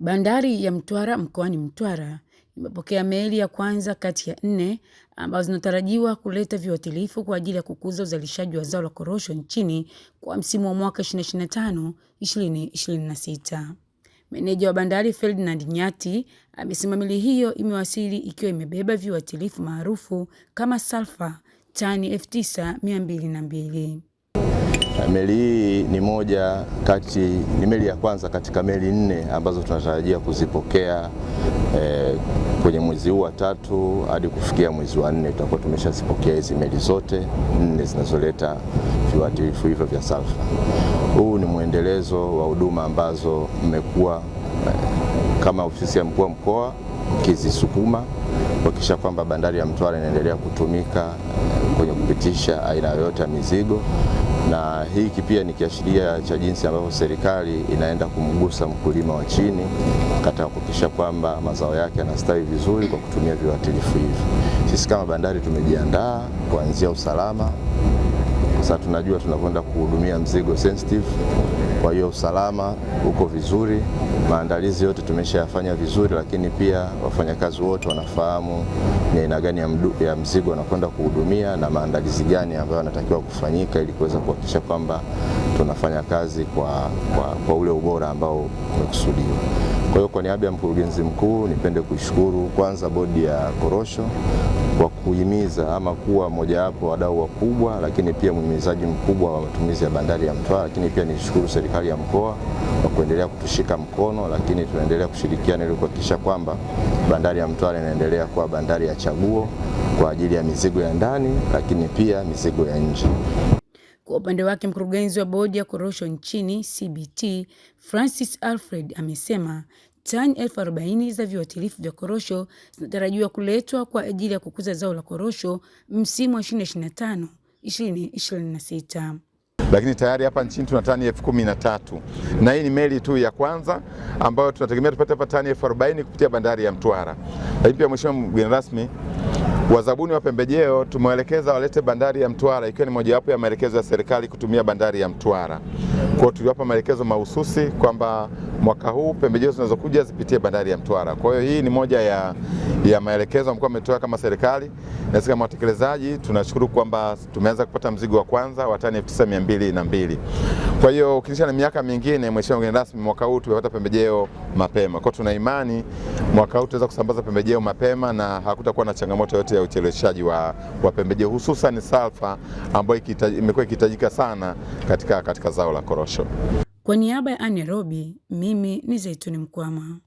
Bandari ya Mtwara mkoani Mtwara imepokea meli ya kwanza kati ya nne ambazo zinatarajiwa kuleta viwatilifu kwa ajili ya kukuza uzalishaji wa zao la korosho nchini kwa msimu wa mwaka 2025 2026. Meneja wa bandari Ferdinand Nyati amesema meli hiyo imewasili ikiwa imebeba viwatilifu maarufu kama salfa, tani 9202. Eh, meli hii ni moja kati, ni meli ya kwanza katika meli nne ambazo tunatarajia kuzipokea eh, kwenye mwezi huu wa tatu hadi kufikia mwezi wa nne tutakuwa tumeshazipokea hizi meli zote nne zinazoleta viuatilifu hivyo vya salfa. Huu ni mwendelezo wa huduma ambazo mmekuwa eh, kama ofisi ya mkuu wa mkoa mkizisukuma kuhakikisha kwamba bandari ya Mtwara inaendelea kutumika kwenye kupitisha aina yoyote ya mizigo, na hiki pia ni kiashiria cha jinsi ambavyo serikali inaenda kumgusa mkulima wa chini katika kuhakikisha kwamba mazao yake yanastawi vizuri kwa kutumia viuatilifu hivi. Sisi kama bandari tumejiandaa kuanzia usalama sasa tunajua tunavyoenda kuhudumia mzigo sensitive, kwa hiyo usalama uko vizuri, maandalizi yote tumeshayafanya vizuri, lakini pia wafanyakazi wote wanafahamu ni aina gani ya, ya mzigo wanakwenda kuhudumia na maandalizi gani ambayo yanatakiwa kufanyika ili kuweza kuhakikisha kwamba tunafanya kazi kwa, kwa, kwa ule ubora ambao umekusudiwa. Kwa hiyo kwa niaba ya mkurugenzi mkuu nipende kuishukuru kwanza bodi ya korosho kwa kuhimiza ama kuwa mojawapo wadau wakubwa, lakini pia mhimizaji mkubwa wa matumizi ya bandari ya Mtwara. Lakini pia nishukuru serikali ya mkoa kwa kuendelea kutushika mkono, lakini tunaendelea kushirikiana ili kuhakikisha kwamba bandari ya Mtwara inaendelea kuwa bandari ya chaguo kwa ajili ya mizigo ya ndani, lakini pia mizigo ya nje. Kwa upande wake mkurugenzi wa bodi ya korosho nchini CBT Francis Alfred amesema tani elfu arobaini za viuatilifu vya korosho zinatarajiwa kuletwa kwa ajili ya kukuza zao la korosho msimu wa 2025 2026 lakini tayari hapa nchini tuna tani elfu kumi na tatu na hii ni meli tu ya kwanza ambayo tunategemea tupate hapa tani elfu arobaini kupitia bandari ya Mtwara. Lakini pia Mheshimiwa mgeni rasmi, Wazabuni wa pembejeo tumewaelekeza walete bandari ya Mtwara, ikiwa ni mojawapo ya maelekezo ya serikali kutumia bandari ya Mtwara. Kwa hiyo tuliwapa maelekezo mahususi kwamba mwaka huu pembejeo zinazokuja zipitie bandari ya Mtwara. Kwa hiyo hii ni moja ya, ya maelekezo ambayo ametoa kama serikali, na sisi kama watekelezaji tunashukuru kwamba tumeanza kupata mzigo wa kwanza wa tani mbili. Kwa hiyo ukilisha na miaka mingine, mheshimiwa mgeni rasmi, mwaka huu tumepata pembejeo mapema. Kwa hiyo tuna imani mwaka huu tutaweza kusambaza pembejeo mapema na hakutakuwa na changamoto yote ya ucheleweshaji wa, wa pembejeo hususan salfa ambayo imekuwa ikihitajika sana katika, katika zao la korosho. Kwa niaba ya Anerobi, mimi ni Zaituni Mkwama.